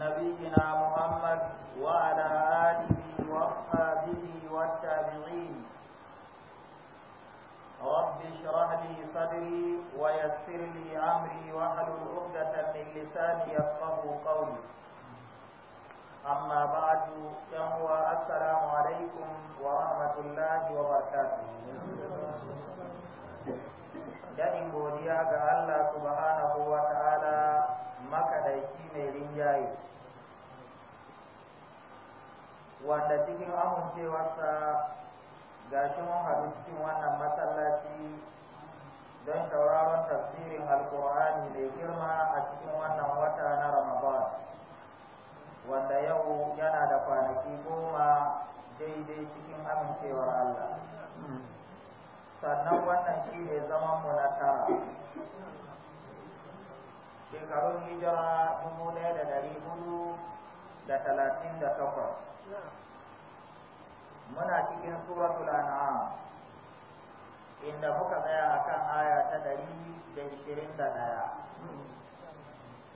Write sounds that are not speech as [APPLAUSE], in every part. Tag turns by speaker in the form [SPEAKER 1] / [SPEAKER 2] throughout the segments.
[SPEAKER 1] نبينا محمد وعلى آله وأصحابه والتابعين رب اشرح لي صدري ويسر لي أمري واحلل عقدة من لساني يفقه قولي أما بعد فهو السلام عليكم ورحمة الله وبركاته Daɗin godiya ga Allah subhanahu wa ta'ala makadaici mai rinjaye wanda cikin amincewarsa ga shi mun haɗu cikin wannan masallaci don tauraron tafsirin alkur'ani mai girma a cikin wannan wata na ramadan wanda yau yana da kwanaki goma daidai cikin amincewar allah hmm. sannan wannan shi ne mu na tara shekarun hijira dubu ɗaya da dari hudu da talatin da takwas muna cikin suratul an'am inda muka tsaya akan aya ta dari da ishirin da ɗaya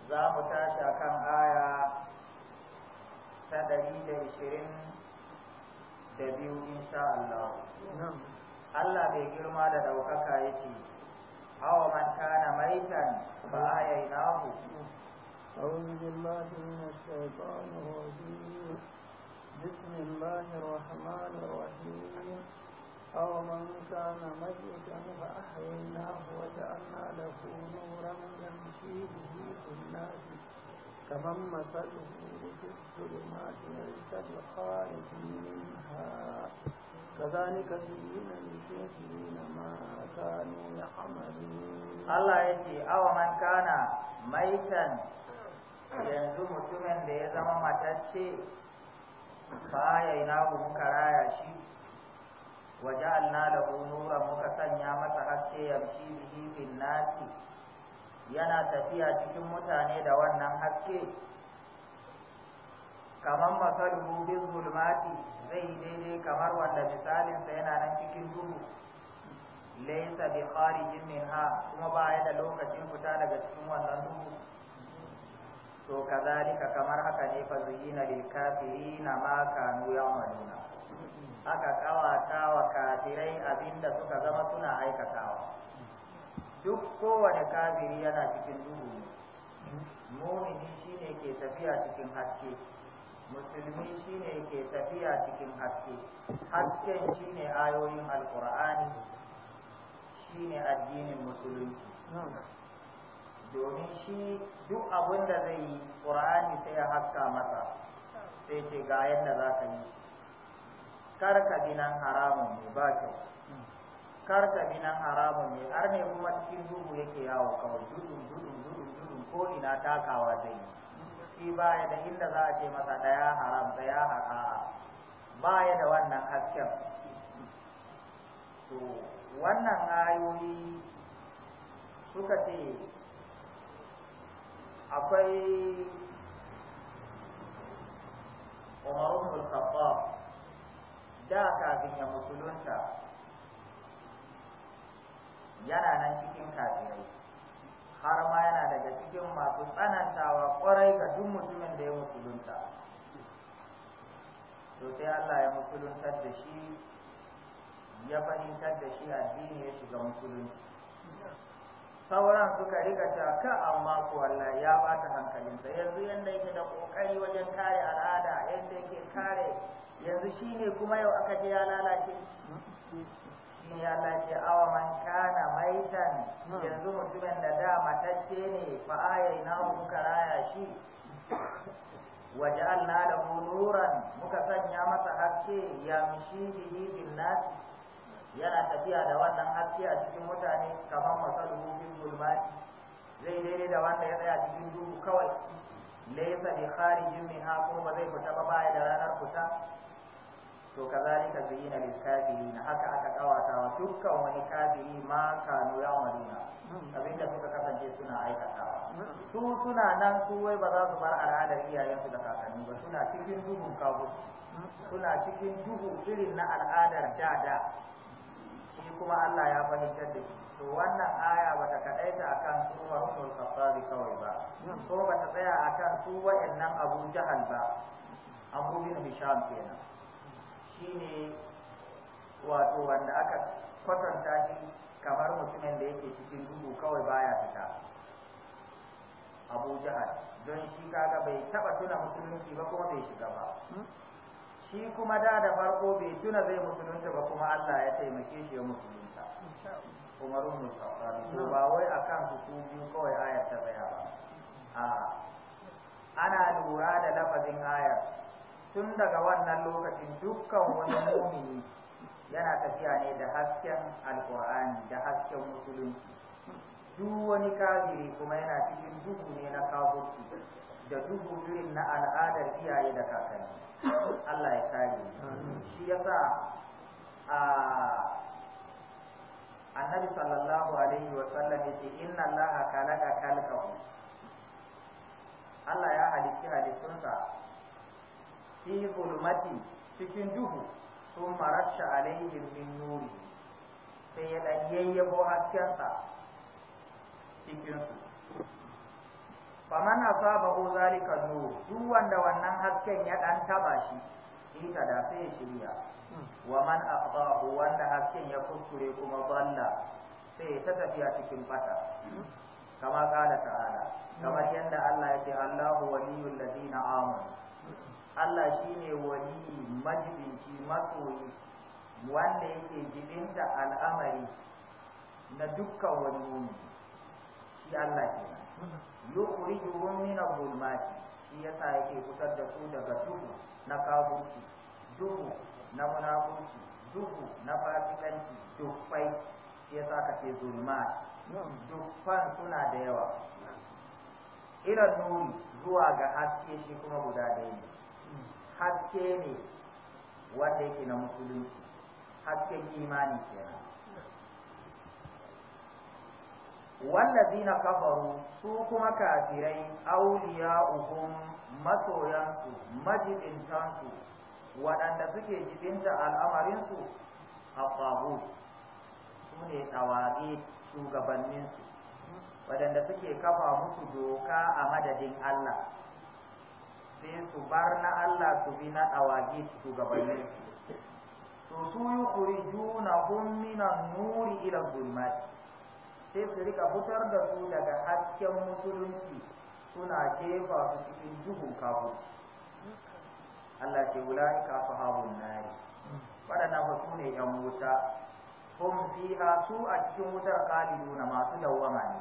[SPEAKER 1] za mu tashi akan aya ta dari da ishirin da biyu insha Allah Allah bai girma da ɗaukaka ya ce أو من كان ميتا فأحييناه
[SPEAKER 2] أعوذ بالله من الشيطان الرجيم بسم الله الرحمن الرحيم أو من كان ميتا فأحييناه وجعلنا له نورا يمشي به في الناس كمن مثله في الظلمات ليس بخارج منها كذلك زينا للكافرين ما كانوا يعملون
[SPEAKER 1] الله يجي أو من كان ميتا yanzu mutumin da ya zama matacce baya ina muka raya shi waje alna da nura muka sanya masa haske yamshi bihi bin nasi yana tafiya cikin mutane da wannan haske kamar masalin bin zulmati zai yi daidai kamar wanda misalinsa yana nan cikin duhu laisa bi kharijin minha kuma ba ya da lokacin fita daga cikin wannan duhu to kazalika kamar haka ne fa zuyina lil kafirina ma kanu ya'maluna aka kawata wa kafirai abinda suka zama suna aikatawa duk kowane kafiri yana cikin duhu ne mumini shine ke tafiya cikin haske musulmi shine ke tafiya cikin haske hasken shine ayoyin alkur'ani shine addinin musulunci domin shi duk abin da zai yi ƙur'ani sai ya haska masa sai ce ga yadda za ka yi kar ka bi haramun ne ba kyau kar ka bi haramun ne har ne kuma cikin duhu yake yawo kawai dudun dudun dudun dudun ko ina takawa zai yi shi baya da inda za a ce masa ɗaya haram ɗaya Ba baya da wannan hasken to wannan ayoyi suka ce akwai umarun mulkaba da kafin ya musulunta yana nan cikin kafirai har ma yana daga cikin masu tsanantawa kwarai ga duk mutumin da ya musulunta to sai Allah ya musuluntar da shi ya fahimtar da shi addini ya shiga musulunci sauran suka riga ka amma ko Allah ya bata hankalinsa yanzu yanda yake da kokari wajen kare al'ada yanda yake kare yanzu shine kuma yau aka je ya lalace shine ya ce awa man kana maitan hmm. yanzu mutumin da da matacce ne fa na muka raya shi ja'alna lahu nuran muka sanya masa haske mishi bihi bin nas yana tafiya da wannan haske a cikin mutane kamar masalu bin zulmati zai daidai da wanda ya tsaya cikin duhu kawai laysa bi kharijin minha kuma ba zai fita ba baya da ranar fita to kazalika zuyina lil kafirin haka aka kawata wa dukkan wani kafiri ma kanu abin da suka kasance suna aikatawa su suna nan su wai ba za su bar al'adar iyayensu da kakanni ba suna cikin duhun kabu suna cikin duhu irin na al'adar dada shi kuma Allah ya fahimtar da shi to wannan aya bata kadaita akan su Umar Khattabi kawai ba ko bata tsaya akan su wa'annan Abu Jahal ba Abu bin Hisham kenan shine wato wanda aka kwatanta shi kamar mutumin da yake cikin duhu kawai baya fita abu jihar don shi kaga bai taba tuna musulunci ba kuma bai shiga ba hmm? shi kuma da da farko bai tuna zai musulunta ba kuma Allah ya taimake shi ya musulunta umarun musulunta ba wai kan su su biyu kawai ayar ta tsaya ba a ana lura da lafazin ayar tun daga wannan lokacin dukkan wani mumini yana tafiya ne da hasken alkur'ani da hasken musulunci duk wani kafiri kuma yana cikin duhu ne na kafirci da duhu irin na al'adar iyaye da kakanni Allah ya kare shi yasa a annabi sallallahu alaihi wa sallam yace inna allaha khalaqa khalqahu Allah ya halicci halittunsa fi zulmati cikin duhu sun marasha alaihim min nuri sai ya ɗan yayyabo haskensa cikin su faman ko zalika zo duk wanda wannan hasken ya ɗan taba shi ita da sai ya shirya wa man asabahu wanda hasken ya kuskure kuma dalla sai ta tafiya cikin fata kama kala ta'ala kamar yadda Allah ya ce Allahu waliyul ladina amanu Allah shine wani majibinci masoyi wanda yake da al'amari na dukkan wani muni shi Allah ke yukhrijuhum min nuna gulmati shi yasa yake kusar da su daga duhu na kafirci duhu na munafurci duhu na fasikanci dukkai shi sa ka ce zulmati. dukkan suna da yawa ila nuri zuwa ga haske shi kuma guda daya ne haske ne wanda yake na musulunci hasken imani kenan wallazina kafaru su kuma kafirai awliya'uhum masoyansu majibintansu waɗanda suke jibinta al'amarinsu a ƙwago su ne ɗawaƙe shugabanninsu waɗanda suke kafa musu doka a madadin Allah sai su bar na Allah su bi na su shugabanni to su yukhrijunahum minan nuri ila zulmat sai su rika fitar da su daga hasken musulunci suna jefa su cikin duhun kafir Allah ce ulaika ashabun nari waɗannan ba su ne ‘yan wuta, hum fiha su a cikin wutar na masu dawwama ne.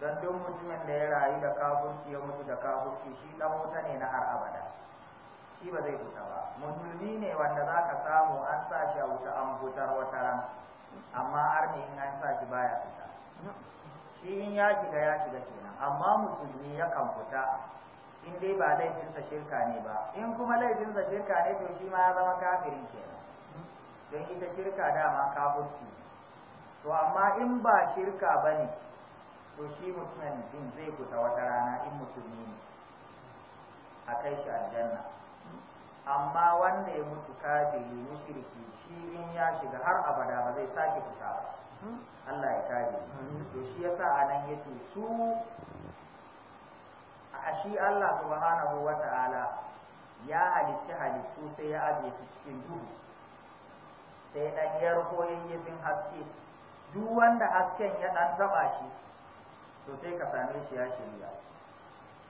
[SPEAKER 1] don duk mutumin da ya rayu da kafurci ya mutu da kafurci shi dan wuta ne na har abada shi ba zai fita ba musulmi ne wanda za ka samu an sa shi a wuta an fitar wata ran amma har ne in an sa shi baya fita shi in ya shiga ya shiga kenan amma musulmi yakan fita in dai ba laifinsa shirka ne ba in kuma laifinsa shirka ne to shi ma ya zama kafirin kenan don ita shirka dama kafurci to amma in ba shirka ba ne to shi mutumin din zai fita wata rana in musulmi ne a kai shi aljanna amma wanda ya mutu kafiri mushriki shi in ya shiga har abada ba zai sake fita ba Allah ya kare to shi yasa anan yace su a shi Allah subhanahu Ta'ala, ya halitta halittu sai ya aje su cikin duhu sai dan yarko yayin haske duk wanda hasken ya dan taba shi to sai ka same shi ya shirya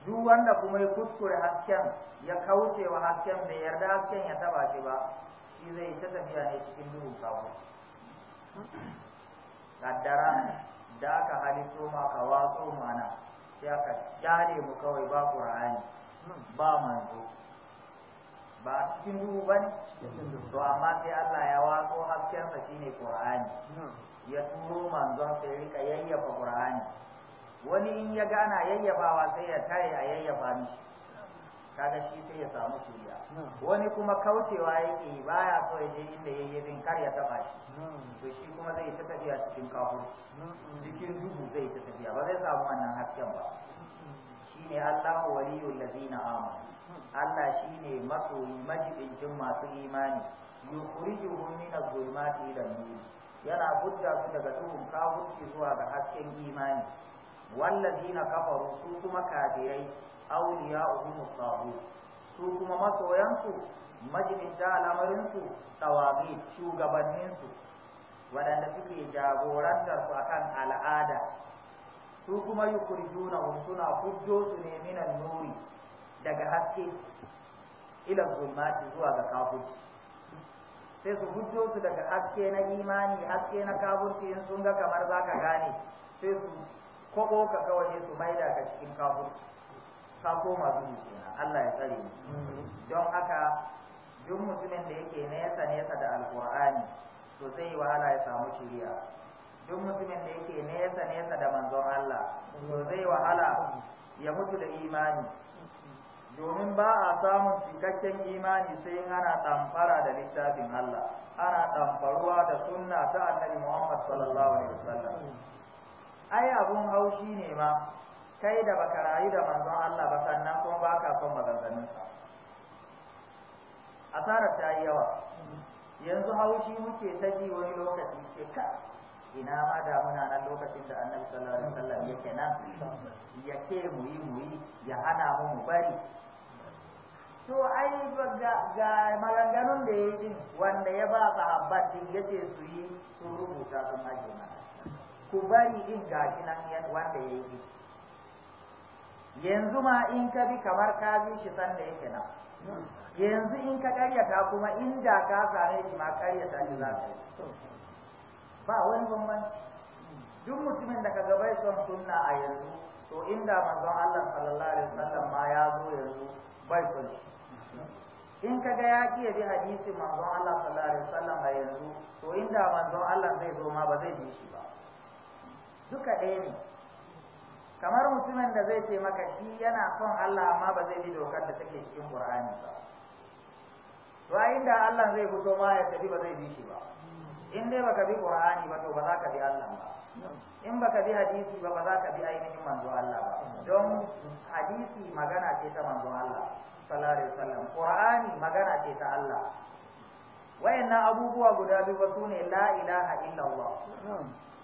[SPEAKER 1] duk wanda kuma ya kuskure hasken ya kauce wa hasken bai yarda hasken ya taba shi ba shi zai ta tafiya ne cikin duhu kawo kaddara da aka hali soma ka watso mana sai aka jare mu kawai ba qur'ani ba manzo ba cikin duhu ba ne to amma sai Allah ya watso haskensa shine qur'ani ya turo manzon sai rika yayyafa Kur'ani. wani in ya gana yayyabawa sai ya tare a yayyafa mishi kada shi sai ya samu kuriya wani kuma kaucewa yake baya so ya je inda yayyabin kar ya taba shi to shi kuma zai ta tafiya cikin kafur cikin duhu zai ta tafiya ba zai samu wannan hasken ba shine Allah waliyul ladina amanu Allah shine masoyi majibincin masu imani yukhrijuhum min adh-dhulumati ila nur yana budda su daga duhun kafirci zuwa ga hasken imani wallazina kafaru su kuma kafirai awliya'uhum at-taghut su kuma masoyansu majinta al'amarinsu tawagi shugabanninsu waɗanda suke jagorantar su akan al'ada su kuma yukhrijuna suna fujjo su ne minan nuri daga haske ila zulmati zuwa ga kafirci sai su fujjo su daga haske na imani haske na kafirci in sun ga kamar zaka gane sai su koko ka kawai su maida ka cikin kafur ka koma zuwa kenan Allah ya tsare mu don haka duk mutumin da yake nesa nesa da alqur'ani to zai yi wahala ya samu shiriya duk mutumin da yake nesa nesa da manzon Allah to zai wahala ya mutu da imani domin ba a samun cikakken imani sai ana tamfara da littafin Allah ana tamfaruwa da sunna ta annabi Muhammad sallallahu alaihi wasallam ai abun haushi ne ma kai da baka rayu da manzon Allah ba sannan kuma baka son A asarar ta yi yawa yanzu haushi muke ta ji wani lokaci ce ka ina ma da muna nan lokacin da annabi sallallahu alaihi wasallam yake nan yake muyi muyi ya hana mu mu bari to ai ga maganganun da ya wanda ya ba sahabbai din yace su yi su rubuta sun ajiye mana ku bari ga gashi nan wanda ya yi yanzu ma in ka bi kamar ka bi shi sanda yake nan yanzu in ka karyata kuma inda ka same shi ma karyata shi za ka yi ba wani bambanci duk mutumin da ka gabai son sunna a yanzu to inda manzon Allah sallallahu alaihi wasallam ma ya zo yanzu bai son in ka ga ya kiya bi hadisi manzon Allah sallallahu alaihi wasallam a yanzu to inda manzon Allah zai zo ma ba zai bi shi ba duka ɗaya ne kamar mutumin da zai ce maka shi yana son Allah amma ba zai bi dokar da take cikin Qur'ani ba to a inda Allah zai fito ma ya tafi ba zai bi shi ba in dai baka bi Qur'ani ba to ba za ka bi Allah ba in baka bi hadisi ba ba za ka bi ainihin manzo Allah ba don hadisi magana ce ta manzo Allah sallallahu alaihi wasallam Qur'ani magana ce ta Allah wayannan abubuwa guda biyu ba sune la ilaha illallah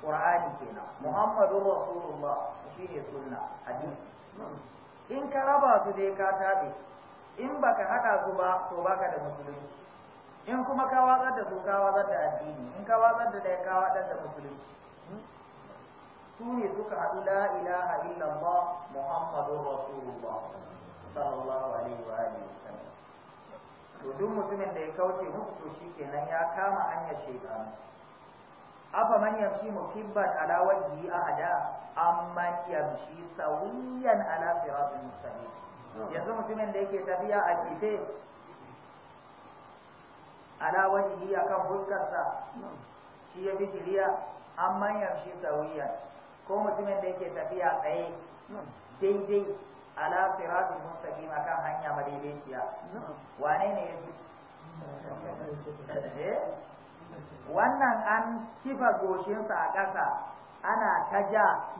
[SPEAKER 1] qur'ani kenan muhammadur rasulullah shine sunna hadisi in ka raba su dai ka tabe in baka hada su ba to baka da musulunci in kuma ka watsar da su ka watsar da addini in ka watsar da ɗaya ka watsar da musulunci su ne suka haɗu la ilaha illallah muhammadur
[SPEAKER 2] rasulullah sallallahu alaihi wa
[SPEAKER 1] alihi wasallam to duk mutumin da ya kauce muku to kenan ya kama hanyar shaytan afa man yamshi mukibban ala wajhi ahada amman yamshi sawiyan ala siratin mustaqim yanzu mutumin da yake tafiya a kife ala wajhi akan fuskarsa shi ya fi shiriya amman yamshi sawiyan ko mutumin da yake tafiya tsaye daidai ala sirati mustaqim akan hanya madaidaiciya wane ne yafi eh? wannan an kifa goshinsa a ƙasa ana ta ja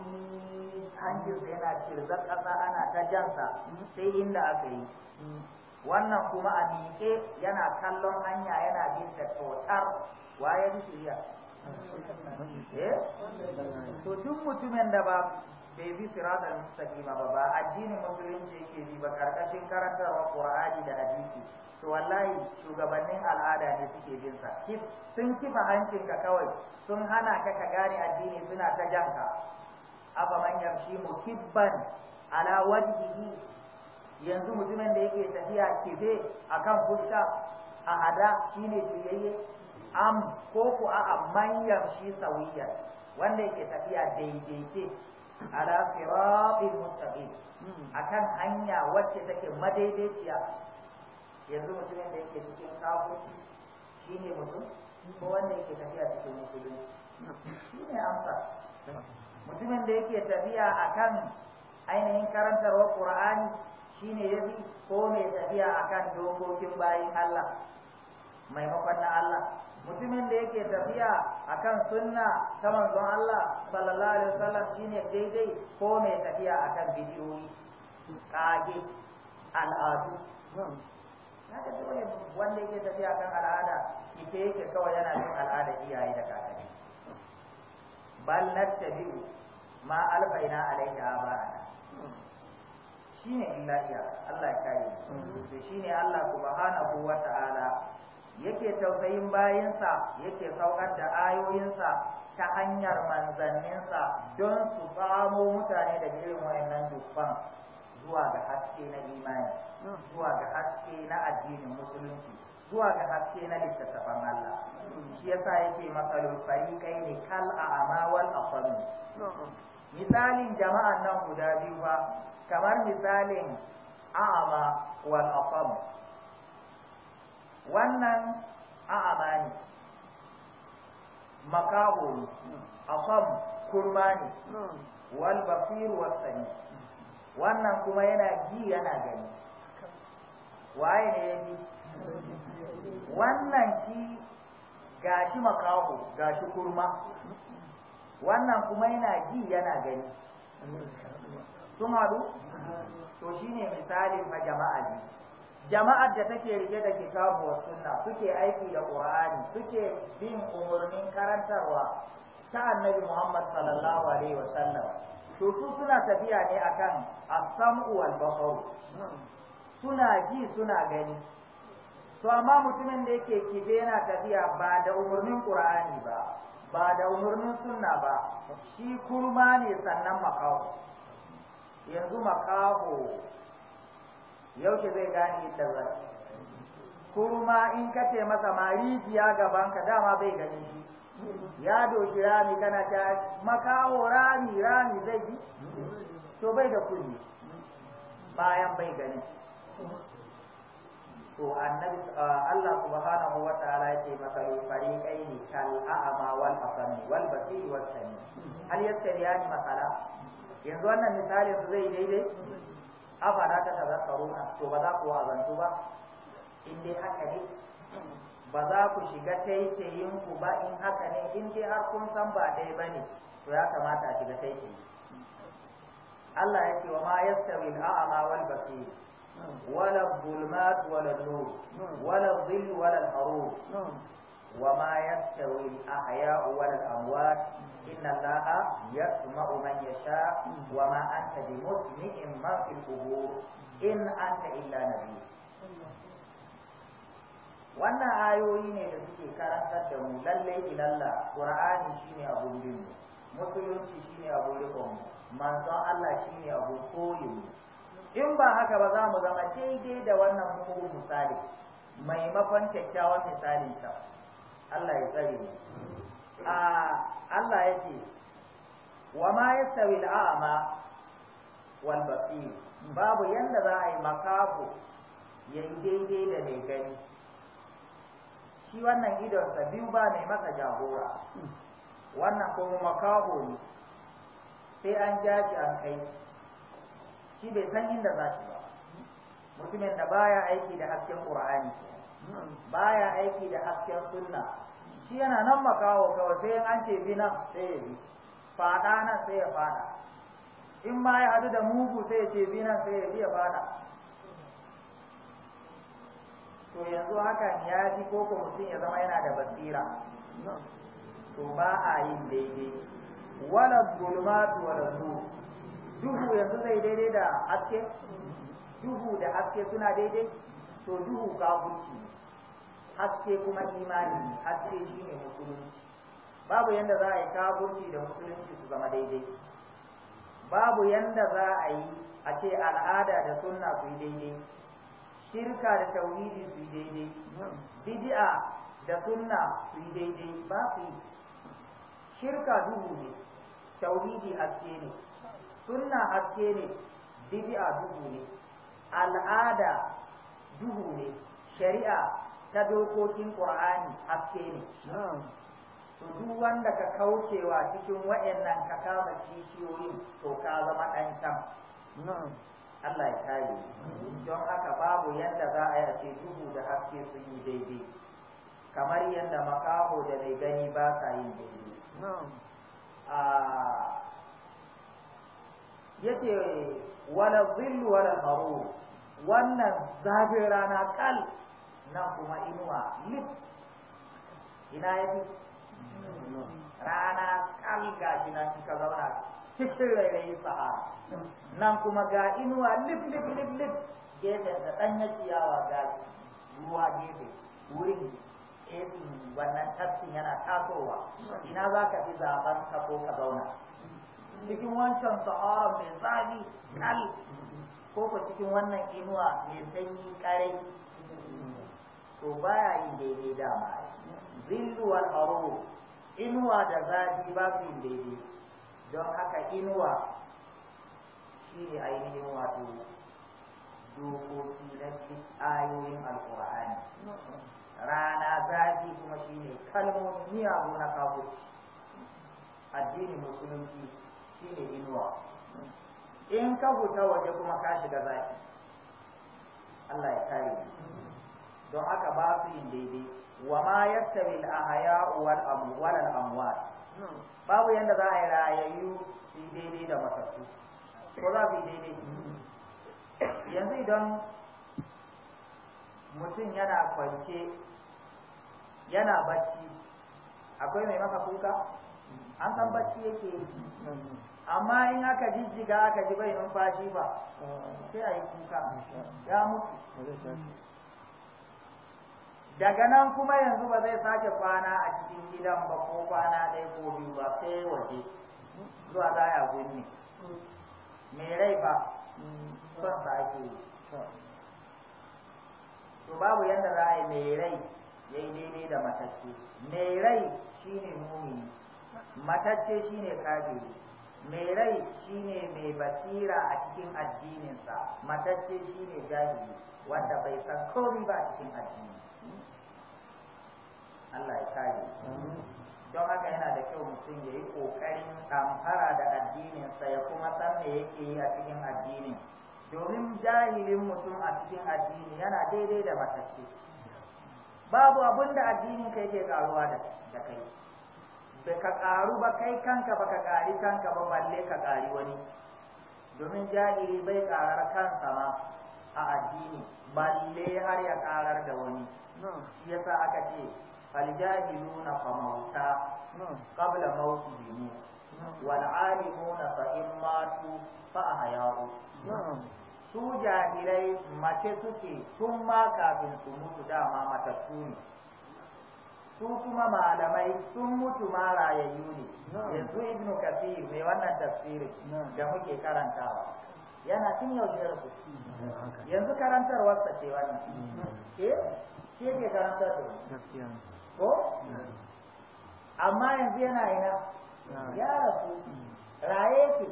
[SPEAKER 1] hanjinsa yana cirzar ƙasa ana ta jansa sai inda aka yi wannan kuma a miƙe yana kallon hanya yana bin ta totar waye shirya eh? to duk mutumin da ba bai bi al mustaqima ba ba addinin musulunci yake bi ba karkashin karantarwa qur'ani da hadisi to wallahi shugabannin al'ada ne suke bin sa sun kifa hancin ka kawai sun hana ka ka gane addini suna ta janka aba man yamshi mukibban ala wajhihi yanzu mutumin da yake tafiya kife akan fuska a hada shine shiryayye am ko a amman man yamshi sawiyan wanda yake tafiya ke. ala siratil mustaqim hmm. akan hanya wacce take madaidaiciya yanzu mutumin da yake cikin kafirci shine mutum ko
[SPEAKER 2] wanda yake tafiya cikin musulunci
[SPEAKER 1] shine amsa mutumin da yake tafiya akan ainihin karantarwa qur'ani shine yafi ko mai tafiya akan dokokin bayin Allah maimakon na Allah mutumin da yake tafiya a kan sunna ta manzon Allah sallallahu alaihi wasallam shine daidai ko mai tafiya a kan bidiyoyi kage al'adu Na ga dole wanda yake tafiya kan al'ada ita yake kawai yana bin al'ada iyaye da kakanni bal biyu ma alfaina alaika Shi shine illa iya Allah ya kare shi shine Allah subhanahu wa ta'ala yake tausayin bayinsa yake saukar da ayoyinsa ta hanyar manzanninsa don su samo mutane da irin wayannan dubban zuwa ga haske na imani zuwa ga haske na addinin musulunci zuwa ga haske na littattafan Allah shi yasa yake masalul fariƙai ne kal a amawal asami misalin jama'an nan guda biyu ba kamar misalin a'ama wal wannan a'ama ne makaho ne asam kurma ne wal basir wasani wannan kuma yana ji yana gani waye ne ya ji wannan shi gashi makaho gashi kurma wannan kuma yana ji yana gani sun haɗu to shi ne misalin majama'a ne jama'ar da take rike da kitabu wa sunna suke aiki da qur'ani suke bin umurnin karantarwa ta annabi muhammad sallallahu alaihi wa sallam to su suna tafiya ne akan as-sam'u wal basar suna ji suna gani to amma mutumin da yake kibe yana tafiya ba da umurnin qur'ani ba ba da umurnin sunna ba shi kurma ne sannan makaho yanzu makaho yaushe zai gane tazara kuma in ka ce masa ma gaban ka dama bai gani shi ya doki rami kana ta makawo rami rami zai yi to bai da kulli bayan bai gani to annabi Allah subhanahu wa ta'ala yake kai ne kal a'ma wal asami wal basir wal sami hal yastawiyani masala yanzu wannan misalin zai daidai afala ta tazakkaruna to ba za ku wa'azantu ba in dai haka ne ba za ku shiga taitayin ku ba in haka ne in dai har kun san ba dai bane to ya kamata a shiga taitayi Allah ya ce wa ma yastawi al-a'ma wal basir wala al-zulmat wala nur wala dhill wala harur وما يستوي الأحياء ولا الأموات إن الله يسمع من يشاء وما أنت بمسمع ما في القبور إن أنت إلا نبي wannan ayoyi ne da suke karantar da mu lalle ilalla qur'ani shine abun bin musulunci shine abun rikon manzon Allah shine abun koyin in ba haka ba za mu zama daidai da wannan mugu misali maimakon kyakkyawan misalin ta Allah ya tsare ne. a Allah ce wa ma ya al'ama wal basir babu yadda za a yi makafu yi daidai da mai gani shi wannan idonsa biyu ba mai masa jagora wannan kuma makaho ne sai an ja shi an kai shi bai san inda za shi ba mutumin da baya aiki da hasken ƙur'ani baya aiki da hasken sunna shi yana nan makawo kawai sai an tebi bi nan sai ya bi fada nan sai ya fada in ma ya hadu da mugu sai ya ce bi nan sai ya bi ya fada to yanzu hakan ya ji ko mutum ya zama yana da basira to ba a yin daidai wala zulmatu wala nur duhu yanzu zai daidai da haske duhu da haske suna daidai to duhu kafirci ne haske kuma imani ne haske shi ne musulunci babu yanda za a yi kafirci da musulunci su zama daidai babu yanda za a yi a ce al'ada da sunna su yi daidai shirka da tauhidi su yi daidai bid'a da sunna su yi daidai ba su yi shirka duhu ne tauhidi haske ne sunna haske ne bid'a duhu ne al'ada duhu ne shari'a ta dokokin qur'ani haske ne to duk wanda ka kaucewa cikin waɗannan ka kama kishiyoyin to ka zama ɗan sam Allah ya kare don haka babu yadda za a ce duhu da haske sun yi daidai kamar yadda makaho da mai gani ba sa yin daidai Yake wala zillu wala haru wannan zafin rana kal nan kuma inuwa lit ina ya fi rana kal ga shi nan kika zauna cikin rairayi sahara nan kuma ga inuwa lip lip lip lip gefe da ɗanya ciyawa ga ruwa gefe wurin esin wannan tafsin yana tasowa ina za ka fi zaben ka ko ka zauna cikin wancan sahara mai zafi kal ko cikin wannan inuwa mai sanyi karai to baya yi daidai dama zillu wal inuwa da zafi ba su yin daidai don haka inuwa shi ne ainihin wato dokoki na ayoyin alkur'ani rana zafi kuma shi ne kalmomin miyagu na kabuci addinin musulunci shi ne inuwa in ka huta waje kuma ka shiga zaki Allah ya kare don haka ba su yin daidai wa ma yastawi al-ahya wal al amwat babu yanda za a yi rayayyu su daidai da matattu ko za su yi daidai yanzu idan mutum yana kwance yana bacci akwai mai maka kuka an san bacci yake amma in aka jijjiga aka ji bai numfashi ba sai a yi kuka ya mutu daga nan kuma yanzu ba zai sake kwana a cikin gidan ba ko kwana ɗaya ko biyu ba sai waje zuwa za ya gunne me rai ba son sa ake yi to babu yadda za a yi mai rai ya yi daidai da matacce mai rai shine mumini matacce shine kajiri mai rai shine mai basira a cikin addininsa matacce shine jahili wanda bai san komai ba a
[SPEAKER 2] cikin addini
[SPEAKER 1] Allah ya kare don haka yana da kyau mutum ya yi ƙoƙarin tamfara da addininsa ya kuma san me yake yi a cikin addini, domin jahilin mutum a cikin addini yana daidai da matacce babu abin da ka yake karuwa da kai sai ka ƙaru ba kai kanka ba ka ƙari kanka ba balle ka ƙari wani domin jahili bai ƙarar kansa ma a addini balle har ya ƙarar da wani shi yasa aka ce aljahilu fa mauta qabla mautihim wal alimuna fa in matu fa ahya'u su jahilai mace suke tun ma kafin su mutu dama matattu ne su kuma malamai sun mutu ma rayayyu ne yanzu ibnu kasir mai wannan tafsirin da muke karantawa yana tun jiyar su yanzu karantarwarsa ce wani ke ke ke karantar da ko amma yanzu yana ina ya rasu raye su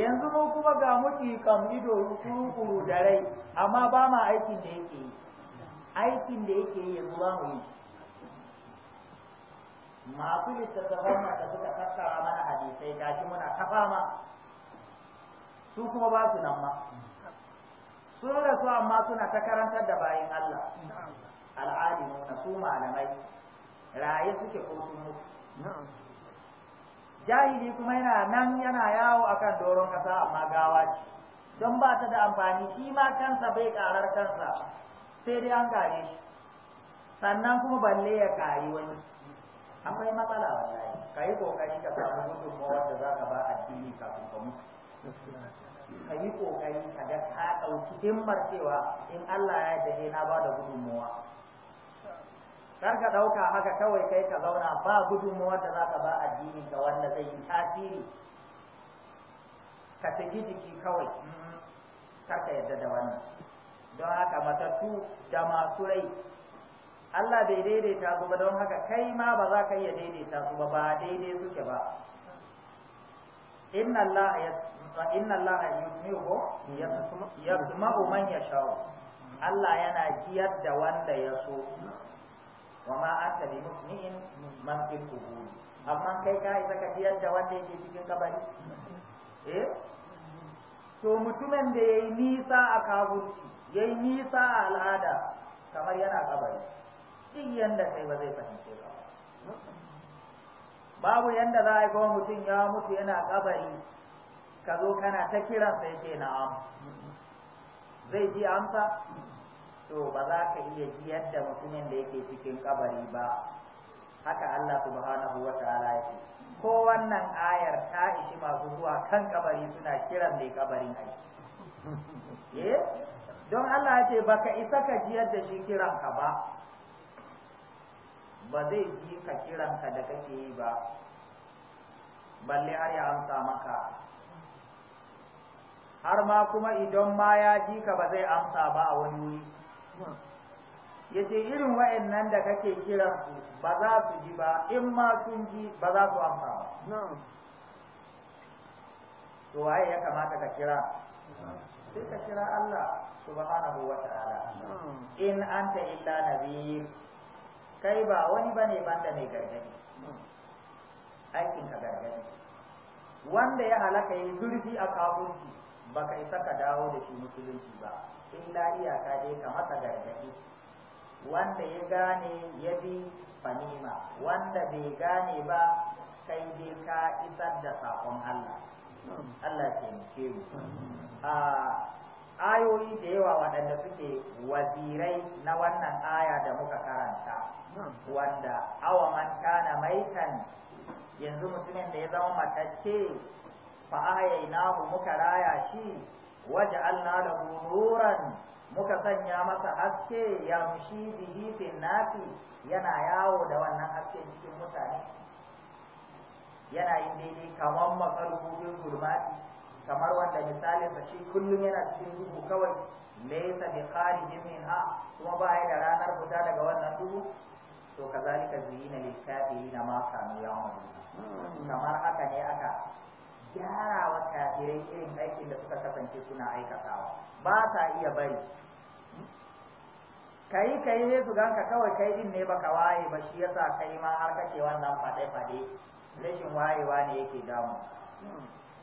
[SPEAKER 1] yanzu mu kuma ga muke kam ido kuru da rai amma ba ma aikin da yake yi aikin da yake yi yanzu ba mu yi masu littattafan na da suka tattara mana hadisai shi muna ta fama su kuma ba su nan ma sun rasu amma suna ta karantar da bayan Allah al'adimu na su malamai raye suke ko jahili kuma yana nan yana yawo akan doron kasa amma gawa ce don ba ta da amfani shi ma kansa bai karar kansa sai dai an kare shi sannan kuma balle ya kare wani akwai matsala wallahi ka yi kokari ka samu gudunmawar da za ka ba addini kafin ka mutu ka yi kokari ka ga ka ɗauki himmar cewa in Allah ya yarda na ba da gudunmawa kar ka ɗauka haka kawai kai ka zauna ba gudunmawar da za ka ba addini ka wanda zai yi tasiri ka tafi jiki kawai mm-hmm. kar ka yarda da wannan don haka matattu da masu rai Allah bai daidaita su ba don haka kai ma ba za ka iya daidaita su ba ba daidai suke ba inna Allah ya inna Allah yusmi'u yasma'u man yasha'u Allah yana jiyar da wanda ya so wa ma anta bi musmi'in man fil qubur amma kai ka isa ka jiyar da wanda yake cikin kabari eh to mutumin da yayi nisa a kabuci yayi nisa a al'ada kamar yana kabari duk yanda kai ba zai fahimce ba babu yanda za a yi kuma mutum ya mutu yana kabari ka zo kana ta ke na na'am zai ji amsa to ba za ka iya ji yadda mutumin da yake cikin kabari ba haka Allah subhanahu wa ta'ala ya ce. ko wannan ayar ta ishi masu zuwa kan kabari suna kiran mai kabarin ai [LAUGHS] eh don Allah ya ce baka isa ka ji yadda shi kiran ka ba ba zai ji ka kiranka da kake yi ba balle har ya amsa maka har ma kuma idan ma ya ji ka ba zai amsa ba a wani wuri ya ce irin wa'annan da kake kiransu ba za su ji ba in ma sun ji ba za su amsa ba to waye ya kamata ka kira sai ka kira Allah subhanahu wa ta'ala in anta illa nabiyyi kai ba wani ba ne banda mai gargadi aikin ka gargadi wanda ya halaka yi zurfi a kafurci ba kai saka dawo da shi musulunci ba in illa iyaka dai ka masa gargadi wanda ya gane ya bi fanima wanda bai gane ba kai dai ka isar da sakon Allah Allah ke mu a ah, ayoyi da yawa waɗanda suke wazirai na wannan aya da muka karanta wanda awa man kana maitan yanzu mutumin da ya zama matacce fa ahyaynahu muka raya shi allah da nuran muka sanya masa haske mushi bihi fil nafi yana yawo da wannan haske cikin mutane yana yin daidai kamar matsalubu gurmati kamar wanda misalin sa shi kullum yana cikin duhu kawai laysa bi kharijin minha kuma ba ya da ranar fita daga wannan duhu to kazalika zuyina lil kafirina ma kanu ya'malun kamar haka ne aka gyara wa kafirai irin aikin da suka kasance suna aikatawa ba sa iya bari kai kai ne su ganka kawai kai din ne baka waye ba shi yasa kai ma har kake wannan fade fade rashin wayewa ne yake damu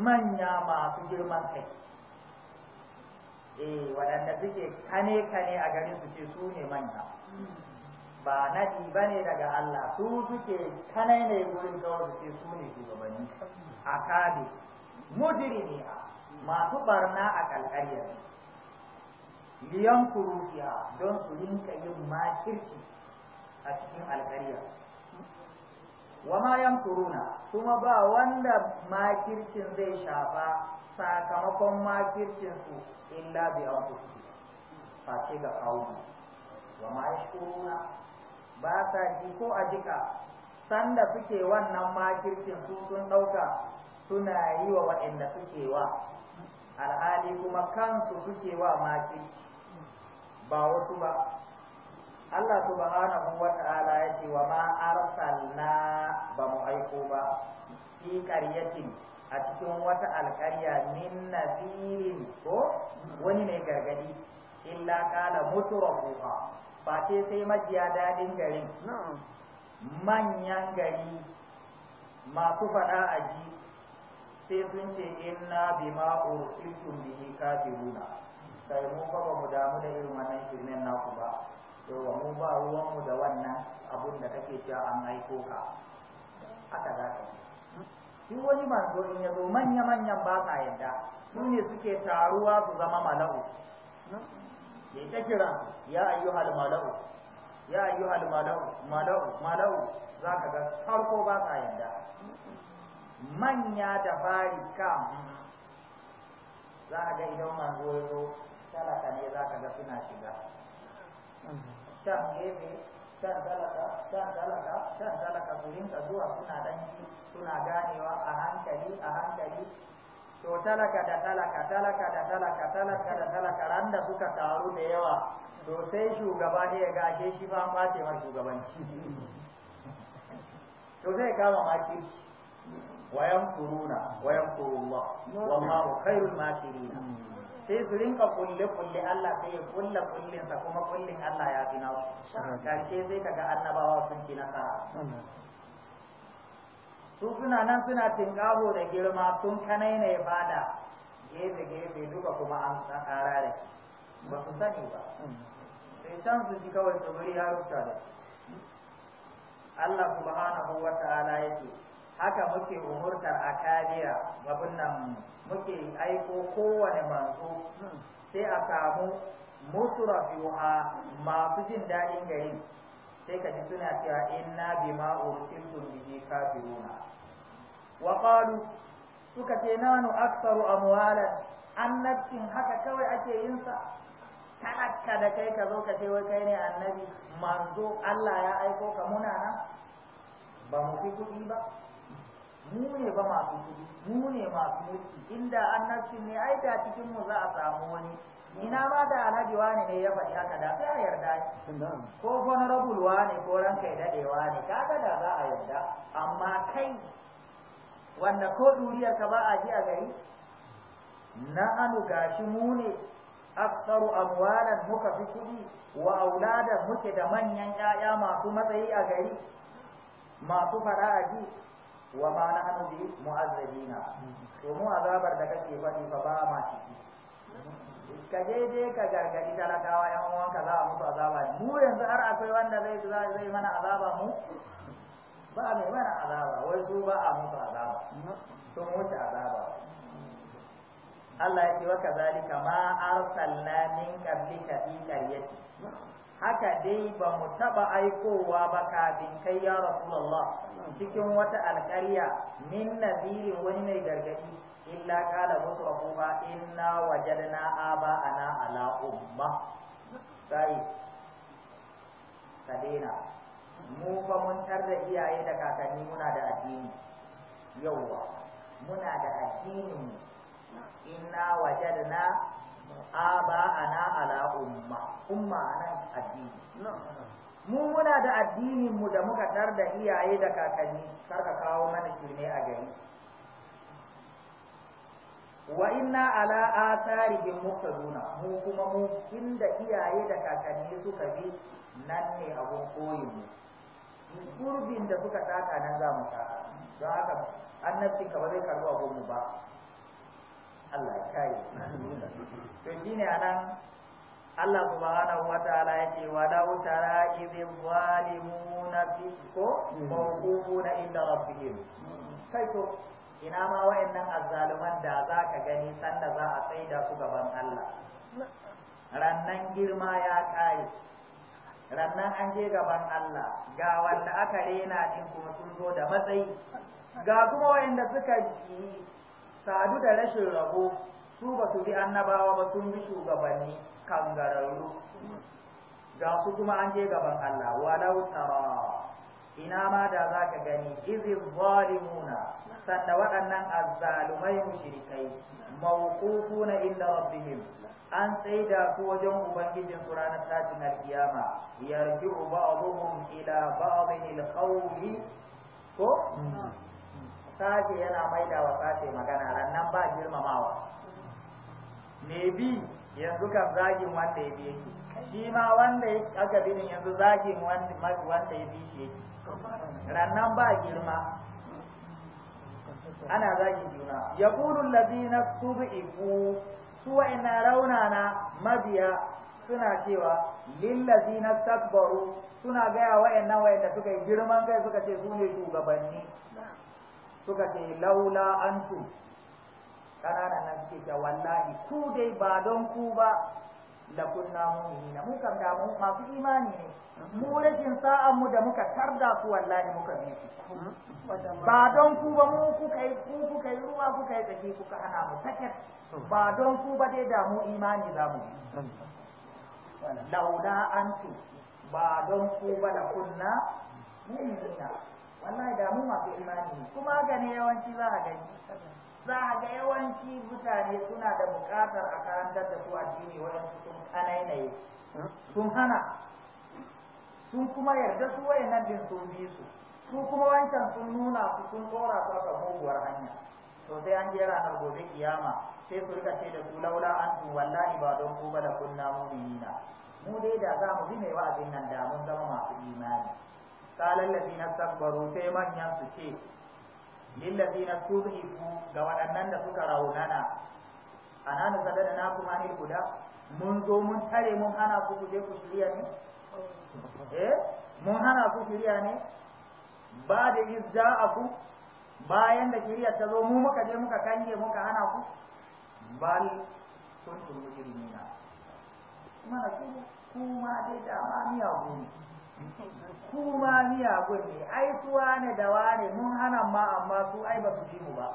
[SPEAKER 1] manya masu girman kai eh waɗanda suke kane kane a garin su ce su ne manya ba naɗi ba ne daga Allah su suke kane ne wurin kawar su ce su ne shugabanni a kabe a masu barna a kalkariyar liyan kurufiya don su rinka yin makirci a cikin alƙariya. wa ma yamkuruna kuma ba wanda makircin zai shafa sakamakon makircin su illa bi anfusihim ce ga
[SPEAKER 2] kawo wa ma
[SPEAKER 1] yashkuruna ba sa ji ko a jika sanda suke wannan makircin su sun dauka suna yi wa waɗanda suke wa alhali kuma kansu suke wa makirci ba wasu ba Allah subhanahu wa ta'ala ya ce wa ma arsalna ba mu aiko ba fi qaryatin a cikin wata alƙarya min nadirin ko wani mai gargadi illa qala mutrafuha ba ce sai majiya daɗin gari. manyan gari masu faɗa a ji sai sun ce inna bima ursiltum bihi kafiruna sai mu ba mu damu da irin wannan shirmen naku ba yawa mu ba ruwanmu da wannan abun da kake cewa an aiko ka haka za ka yi wani manzo in yazo zo manya-manyan ba sa yadda su ne suke taruwa su zama mala'u ya ta kira ya ayyuhal mala'u ya ayyuhal mala'u mala'u mala'u za ka ga farko ba sa yadda manya da bari kam za ka ga idan manzo ya zo talaka ne za ka ga suna shiga shan gefe shan talaka shan talaka shan talaka su rinka zuwa suna danji suna ganewa a hankali a hankali to talaka da talaka talaka da talaka talaka da talaka randa suka taru da yawa to sai shugaba ne ya gashe shi ba ɓacewar shugabanci to zai kama makirci wayan kuruna wayan kurullah wallahu khairul makirin sai su rinka kulle kulle Allah sai ya kulle kullin sa kuma kullin Allah ya fi nawa karshe sai kaga annabawa sun ci nasara su suna nan suna tingaho da girma sun kanai na ibada gefe gefe duka kuma an tsara da ba su sani ba
[SPEAKER 2] sai can su ji
[SPEAKER 1] kawai tsibiri ya rubuta da Allah subhanahu wa ta'ala yake haka muke umurtar kariya abin nan muke aiko kowane manzo sai a samu musu mutrafiha masu jin daɗin gari sai ka ji suna cewa in na bi bima ursiltum bihi kafiruna wa qalu suka ce nanu aktsaru amwalan annabcin haka kawai ake yinsa sa da kai ka zo ka ce wai kai ne annabi manzo Allah ya aiko ka muna nan ba mu fi kuɗi ba mu ne ba masu kudi mu ne masu mulki inda annabci ne ai da cikin mu za a samu wani ina ba da alhaji wani ne ya faɗi haka da sai a yarda ko honorable wani ko ranka ya dadewa ne kaga da za a yarda amma kai wanda ko duriyar ka ba a ji a gari na anu gashi mu ne aksaru amwalan muka fi kudi wa auladan muke da manyan 'ya'ya masu matsayi a gari masu fara'a ji wa ma hannu bi mu'azzabina to mu azabar da kake faɗi fa ba ma ciki ka je je ka gargadi talakawa yan ka za a musu azaba mu yanzu har akwai wanda zai zai mana azaba mu ba mai mana azaba wai su ba a musu azaba sun wuce azaba Allah ya ce wa kazalika ma arsalna min qablika fi qaryati haka dai ba mu taɓa aikowa ba kafin kai ya Rasulullah cikin wata alƙarya min nazirin wani mai gargaɗi illa kala musu rahuha inna wajadna aba ana ala umma sai ka mu fa mun tarda iyaye da kakanni muna da addini yauwa muna da addinin inna wajadna aba ana ala umma umma ana addini mu muna da addinin mu da muka tar da iyaye da kakanni kar ka kawo mana ne a gari wa inna ala atharihim muqtaduna mu kuma mu inda iyaye da kakanni suka bi nan ne abun koyin mu gurbin da suka taka nan za mu ta don haka annabcin ka ba zai karbi abun mu ba Allah ya kare to shine anan Allah subhanahu wataala ta'ala yake wa law tara idhil zalimuna fiko ko mawqufuna inda rabbihim kai to ina ma wayannan azzaluman da zaka gani sanda za a sai da su gaban Allah rannan girma ya kare rannan an je gaban Allah ga wanda aka rena din kuma sun zo da matsayi ga kuma wayanda suka sadu da rashin rabo su ba su bi annabawa ba sun bi shugabanni kangararru ga su kuma an je gaban Allah walau tara ina ma da za ka gani izin zalimuna sanda waɗannan azzalumai mushrikai mawqufuna inda rabbihim an tsaida ku wajen ubangijin su ranar tashin alkiyama yarji'u ba'dhum ila ba'dhin alqawli ko hmm. Sake yana maida wa sashe magana rannan ba girmamawa me bi yanzu kan zagin wanda ya bi yake shi ma wanda ya aka binin yanzu zagin wanda ya bi shi yake rannan ba girma
[SPEAKER 2] ana zagin juna
[SPEAKER 1] ya kudun lazina su bi'iku su wa'ina raunana mabiya suna cewa lillazina takbaru suna gaya wa'annan wa'anda suka yi girman kai suka ce su ne shugabanni suka ce laula antum ƙananan nan suke ce wallahi ku dai ba don ku ba da kunna mu'minina mu kan da mun masu imani ne mu rashin sa'an mu da muka tarda su wallahi muka bi su ba don ku ba mu kuka yi ku ku kai ruwa kuka yi tsaki ka hana mu sakat ba don ku ba dai da mu imani za mu laula antum ba don ku ba da kunna mu'minina wallahi da mu masu imani kuma haka ne yawanci za a gani za a ga yawanci mutane suna da bukatar a karantar da su addini waɗansu sun kanainaye sun hana sun kuma yarda su nan din sun bi su su kuma wancan sun nuna su sun tsora su aka muguwar hanya to sai an je ranar gobe kiyama sai su rika ce da su laula an tu wallahi ba don ku da kunna mu'minina mu dai da za mu bi mai wa'azin nan da mun zama masu imani kalan ladina sabbaru sai manyan su ce lillazina tuzifu ga waɗannan da suka raunana ana na sadada na kuma ne guda mun zo mun tare mun hana ku kuje ku shirya ne
[SPEAKER 2] eh mun
[SPEAKER 1] hana ku shirya ne ba da aku, bayan da shirya ta zo mu muka je muka kange muka hana ku
[SPEAKER 2] bal kuntum mujrimina na ku kuma dai da ma miyagu ne
[SPEAKER 1] su ma miyagun ne ai su wane da wane mun hana ma amma su ai ba su ji mu ba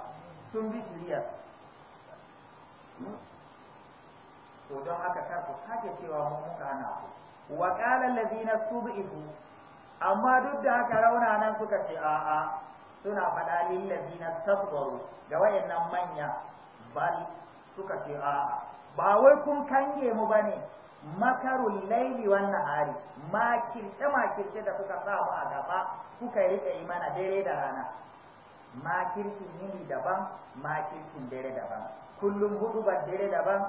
[SPEAKER 1] sun bi shiriyar to don haka kar ku sake cewa mun muka hana ku wa qala allazina stud'ifu amma duk da haka rauna nan suka ce a'a suna faɗa lil ladina tasbaru ga wayannan manya bal suka ce a'a ba wai kun kange mu bane makarul laili wan nahari makirce makirce da kuka sa mu a gaba kuka rike yi mana dare da rana makircin yini daban makircin dare daban kullum ba dare daban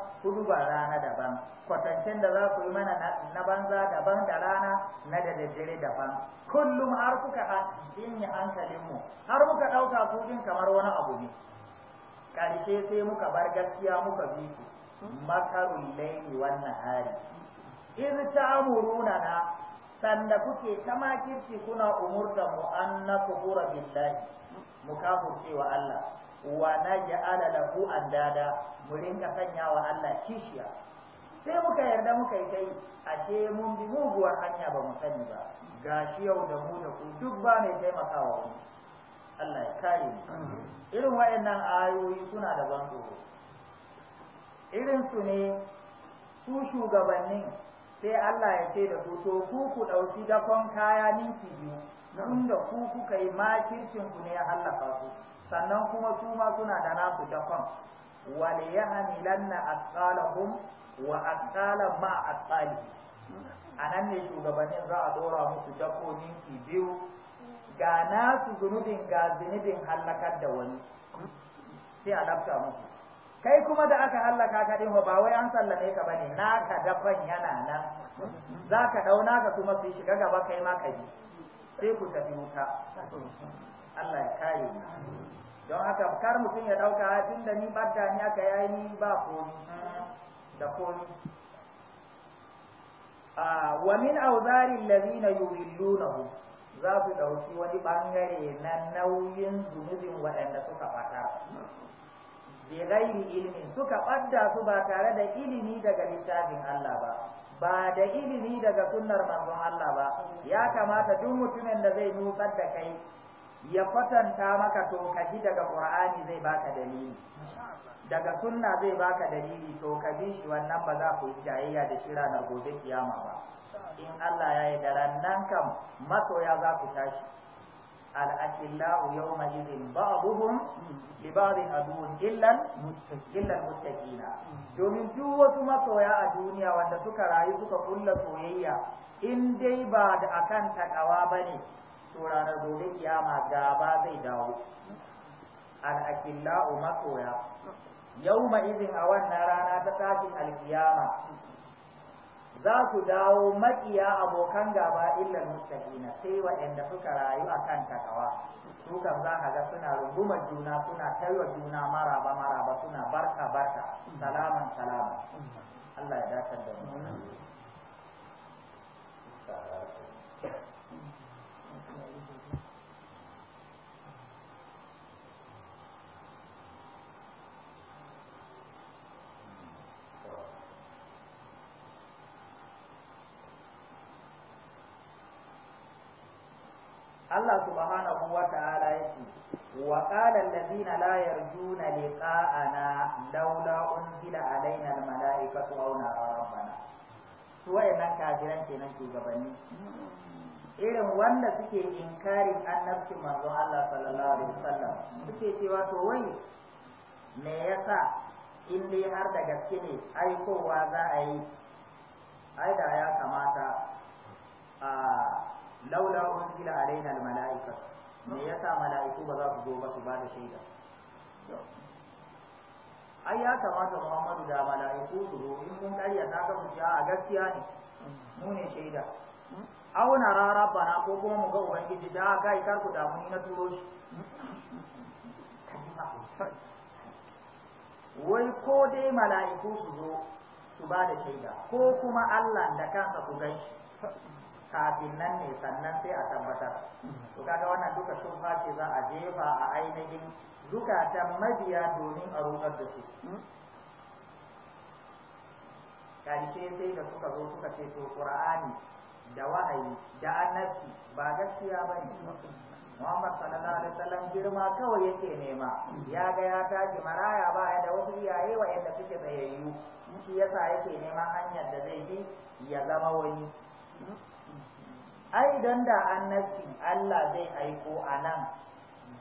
[SPEAKER 1] ba rana daban kwatancen da za ku yi mana na banza daban da rana na da daddare daban kullum har kuka hankalin hankalinmu har muka ɗauka su kamar wani abu ne ƙarshe sai muka bar gaskiya muka bi su. makarun wannan wan nahari iz ta'muruna na sanda kuke ta makirci kuna umurta mu an nakfura billahi mu kafurce wa Allah wa naj'ala lahu andada mu rinka sanya wa Allah kishiya sai muka yarda muka yi kai ashe mun bi muguwar hanya ba mu sani ba gashi yau da mu da ku duk ba mai taimakawa mu Allah ya kare mu irin waɗannan ayoyi suna da ban Irin su ne su shugabannin sai Allah ya ce da su to ku ku ɗauki dakon kaya ninki biyu da ku kuka yi makircin ku ne ya hallafa su sannan kuma su ma suna da nasu dakon wale ya hamilanna asqalahum wa asqala ma asqali a nan ne shugabannin za a dora musu dako ninki biyu ga nasu zunubin ga zunubin hallakar da wani sai a dafta musu kai kuma da aka hallaka ka din ba wai an sallame ka bane naka dafan yana nan za ka dauna ka kuma su shiga gaba kai ma ka ji sai ku tafi wuta Allah ya kare mu don haka kar mutum ya ɗauka, tun da ni badda ni aka yayi ni ba komi da komi a wa min awzari allazina yuwillunahu za su ɗauki wani ɓangare na nauyin zunubin waɗanda suka fata bi ghairi ilmin suka ɓadda su ba tare da ilimi daga littafin Allah ba ba da ilimi daga sunnar manzon Allah ba ya kamata duk mutumin da zai nutsar da kai ya kwatanta maka to kaji daga Qur'ani zai baka dalili daga sunna zai baka dalili to ka bi shi wannan ba za ku yi jayayya da shi ranar gobe kiyama ba in Allah ya yi daren nan kam masoya za ku tashi الأكلاء يومئذ بعضهم buhun عدو إلا إلا المتقين domin duk wasu masoya a duniya wanda suka rayu suka kulla soyayya in dai ba da akan takawa ba ne to ranar kiyama gaba zai dawo al'akillahu masoya yau izin a wannan rana ta tashin alkiyama za su dawo maƙiya abokan gaba illar na sai waɗanda suka rayu a kan takawa su kan za ka ga suna rungumar juna suna taiwa juna maraba maraba suna barka barka salaman salaman
[SPEAKER 2] Allah ya dakar da mu
[SPEAKER 1] Allah subhanahu wa ta'ala ce, wa qala allazina la yarjuna liqa'ana laula unzila alaina almala'ikatu aw nara rabbana su wayannan kafiran kenan shugabanni irin wanda suke inkarin annabci manzo Allah sallallahu alaihi wasallam suke cewa to wai me yasa in dai har da gaske ne aikowa za a yi ai da ya kamata a laula unzila alaina almalaiika me yasa malaiku ba za su zo ba su ba da shaida ai ya kamata Muhammadu da malaiku su zo in mun kariya ta ga mutiya a gaskiya ne mu ne shaida auna rara na ko kuma mu ga ubangiji da ga kar ku da muni na turo shi wai ko dai mala'iku su zo su ba da shaida ko kuma Allah da kansa ku gaishe? kafin nan ne sannan sai a tabbatar to ga wannan duka sun fashe za a jefa a ainihin zukatan mabiya domin a rutsar da su karshe sai da suka zo suka ce to qur'ani da wa'ayi da annabci ba gaskiya ba ne Muhammad sallallahu alaihi wasallam girma kawai yake nema ya ga ya tashi maraya ba ya da wasu iyaye wa yadda suke tsayayyu shi yasa yake neman hanyar da zai bi ya zama wani ai don da annabcin Allah zai aiko a nan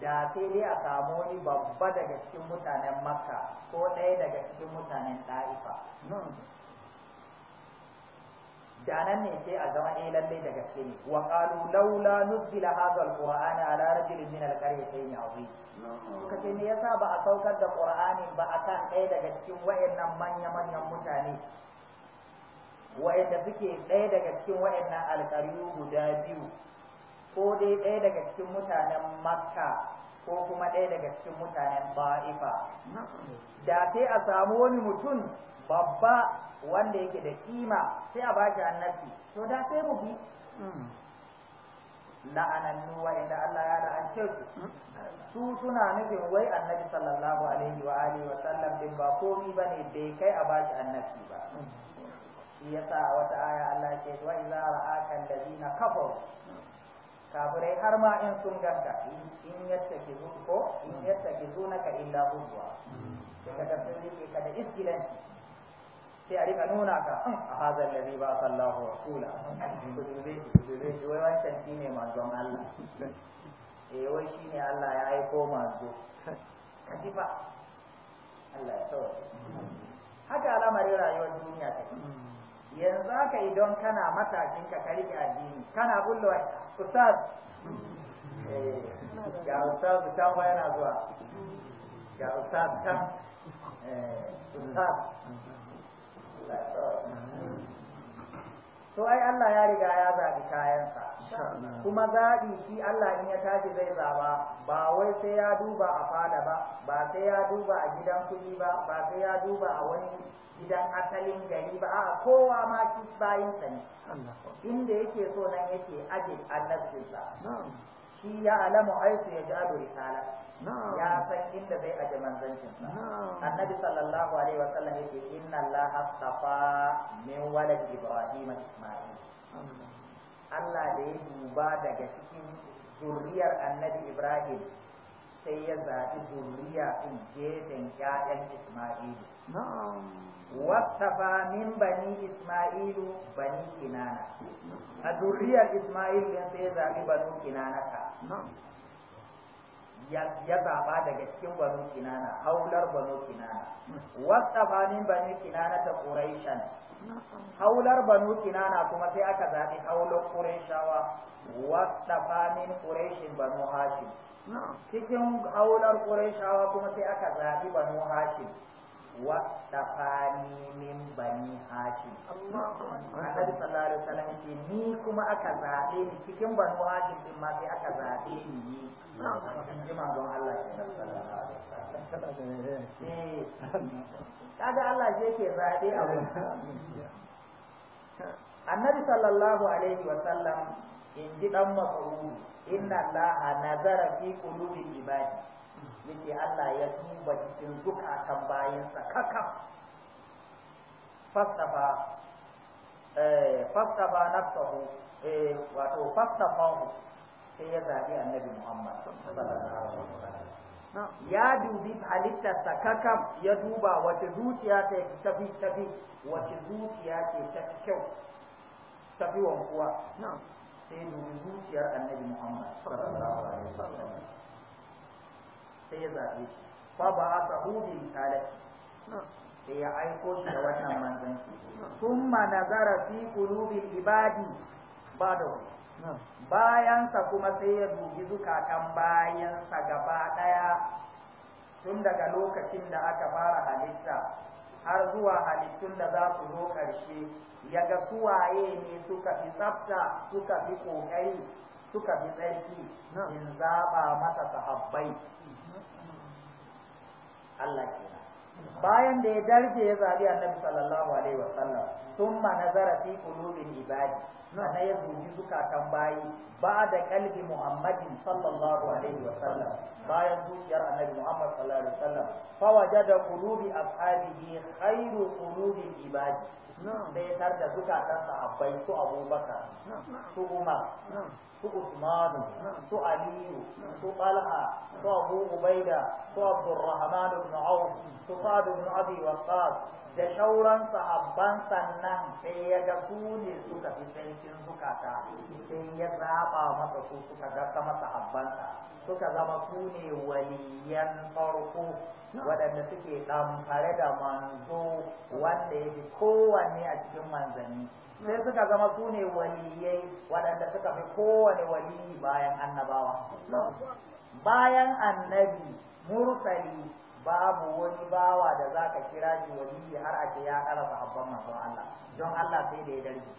[SPEAKER 1] da sai dai a samu wani babba daga cikin mutanen makka ko ɗaya daga cikin mutanen ɗa'ifa hmm. da nan ne sai a zama eh lalle da gaske ne wa qalu laula nuzila hadha alquran ala rajulin min alqaryatayn azim suka ce me yasa ba a saukar da qur'ani ba akan ɗaya daga cikin wayannan manya manyan mutane wa'anda suke ɗaya daga cikin wa'annan alƙaryu guda biyu ko dai ɗaya daga cikin mutanen makka ko kuma ɗaya daga cikin mutanen ba'ifa da sai a samu wani mutum babba wanda yake da kima sai a ba shi annabi to da sai mu bi la'anannu wa inda Allah ya la'ance su su suna nufin wai annabi sallallahu alaihi wa alihi wa sallam din ba komi bane bai kai a ba shi annabi ba shi yasa wata aya Allah ce wa idza ra'aka allazina kafaru kafirai har ma in sun ganka in yattaki zu ko in yattaki zunaka illa huzwa sai ka tafi rike ka da iskilanci sai a rika nuna ka hmm, a hazar lari ba sallahu wa kula ku dube shi ku dube shi wai wancan shi ne manzon Allah eh wai shi ne Allah ya aiko manzo ka ji ba Allah ya tsawo haka al'amarin rayuwar duniya ta. yanzu haka don kana matakin ka ka rike addini kana bullo ustaz
[SPEAKER 2] ya eh, ustaz ta fa yana zuwa ya ustaz ta eh, ustaz
[SPEAKER 1] to ai Allah ya riga ya zaɓi kayansa kuma zaɓi shi Allah in ya tashi zai zaba ba wai sai ya duba a fada ba ba sai ya duba a gidan kuɗi ba ba sai ya duba a wani gidan asalin gari ba a kowa ma ki bayinsa ne inda yake so nan yake aje annabcinsa shi ya alamu aisu ya jalo risala ya san inda zai aje manzancin sa annabi sallallahu alaihi wa sallam yake inna allaha astafa min walad ibrahim isma'il Allah da ya duba daga cikin zurriyar annabi ibrahim sai ya zaɓi zurriya in gefen ƴaƴan isma'il wasafa min bani isma'ilu bani kinana a zuriyar isma'il ya sai zabi bani kinana ka ya zaba daga cikin banu kinana haular banu kinana wasafa min bani kinana ta quraishan haular banu kinana kuma sai aka zabi haular kureshawa wasafa min quraishin banu hashim cikin haular kureshawa kuma sai aka zabi banu hashim wasafani min bani hashim annabi sallallahu alaihi wasallam ce ni kuma aka zaɓe ni cikin bani hashim din ma sai aka zaɓe ni ni in Allah manzon Allah kaga Allah shi yake zaɓe a annabi sallallahu alaihi wasallam in ji dan mafuru inna Allah nazara fi qulubi ibadi yake Allah ya duba cikin zukatan bayansa kakaf fastafa eh, fastafa nafsahu eh, wato fastafahu sai ya zabi annabi Muhammad ya dubi halittarsa kakaf ya duba wace zuciya ta tafi tafi wace zuciya ce ta kyau tafi wankuwa sai dubi zuciyar annabi Muhammad sallallahu alaihi wasallam sai ya zaɓe shi fa ba a sahu bi risalati sai ya aiko shi da wannan manzanci thumma nazara fi qulubi ibadi bayansa kuma sai ya dubi zukatan bayansa gaba ɗaya tun daga lokacin da aka fara halitta har zuwa halittun da za su zo ƙarshe ya ga suwaye ne suka fi tsafta suka fi ƙoƙari suka fi tsarki in zaɓa masa sahabbai Allah ke bayan da ya darje ya zabi annabi sallallahu alaihi wa sallam, thumma nazara fi qulubil ibadi na ya zuji zukatan bayi ba da kalbi muhammadin sallallahu alaihi wa sallam. bayan zuciyar annabi muhammad sallallahu alaihi wa wasallam fa wajada qulubi ashabihi khairu qulubil ibadi da ya tarda zukatan sahabbai su abubakar su umar su usmanu su aliyu su talha su abu ubaida su abdurrahman ibn auf Sufad ibn Abi Waqqas da shauran sahabban sannan sai ya ga su ne suka fi sarkin zukata sai ya zaba masa su suka ga sama sahabbansa suka zama su ne waliyan farko waɗanda suke ɗamfare da manzo wanda ya fi kowanne a cikin manzanni sai suka zama su ne waliyai waɗanda suka fi kowane waliyi bayan annabawa bayan annabi mursali babu wani bawa da za ka kira shi waliyi har a ce ya ƙara sahabban masu Allah don Allah sai da ya darbe,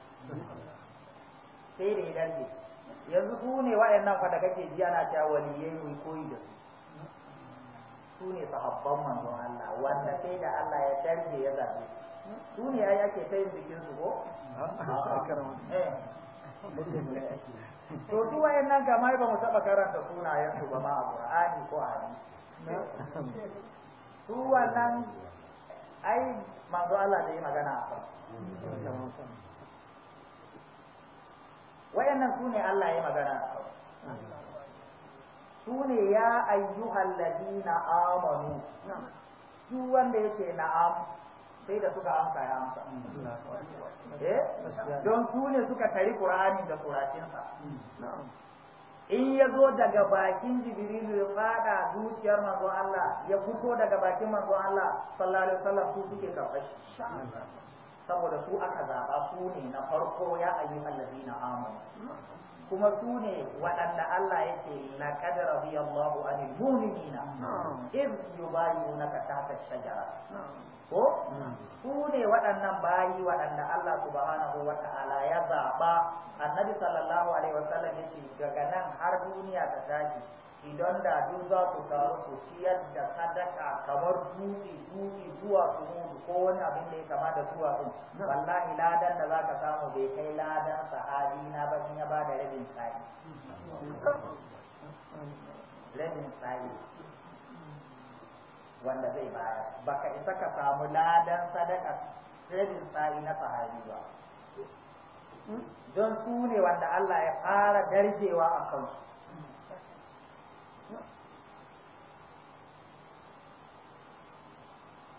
[SPEAKER 1] sai da ya darbe. yanzu su ne waɗannan fa da kake ji ana cewa waliyai mu koyi da su su ne sahabban Allah wanda sai da Allah ya darje ya zabe su ne ai ake ta yin bikin su ko eh. to su waɗannan mai ba mu taɓa karanta sunayen su ba ma a Qur'ani ko a hadisi su wannan ai manzo Allah da yi magana a wayannan su ne Allah ya magana a su ne ya ayyuhal ladina amanu su wanda yake na'am sai da suka amsa
[SPEAKER 2] ya amsa eh? don
[SPEAKER 1] su ne suka tari qur'ani da suratinsa in ya zo daga bakin jibrilu ya fada zuciyar manzo Allah ya fito daga bakin manzo Allah sallallahu alaihi wasallam su suke karɓar shi saboda su aka zaba su ne na farko ya ayi allazina amanu kuma su ne waɗanda Allah yake laqad radiyallahu anil mu'minina iz yubayyi'unaka tahta shajara su ne waɗannan bayi waɗanda Allah subhanahu wa ta'ala ya zaɓa annabi sallallahu alaihi wasallam ya ce daga nan har duniya ta tashi idan da duk za ku taru ku ciyar da sadaka kamar dutse dutse zuwa su mutu ko wani abin da ya kama da zuwa su wallahi ladan da za ka samu bai kai ladan sahabi na ba ya ba da rabin tsari rabin tsari wanda zai bayar baka isa ka samu ladan sadaka sai din tsari na sahabi ba don su ne wanda Allah ya fara darjewa a kansu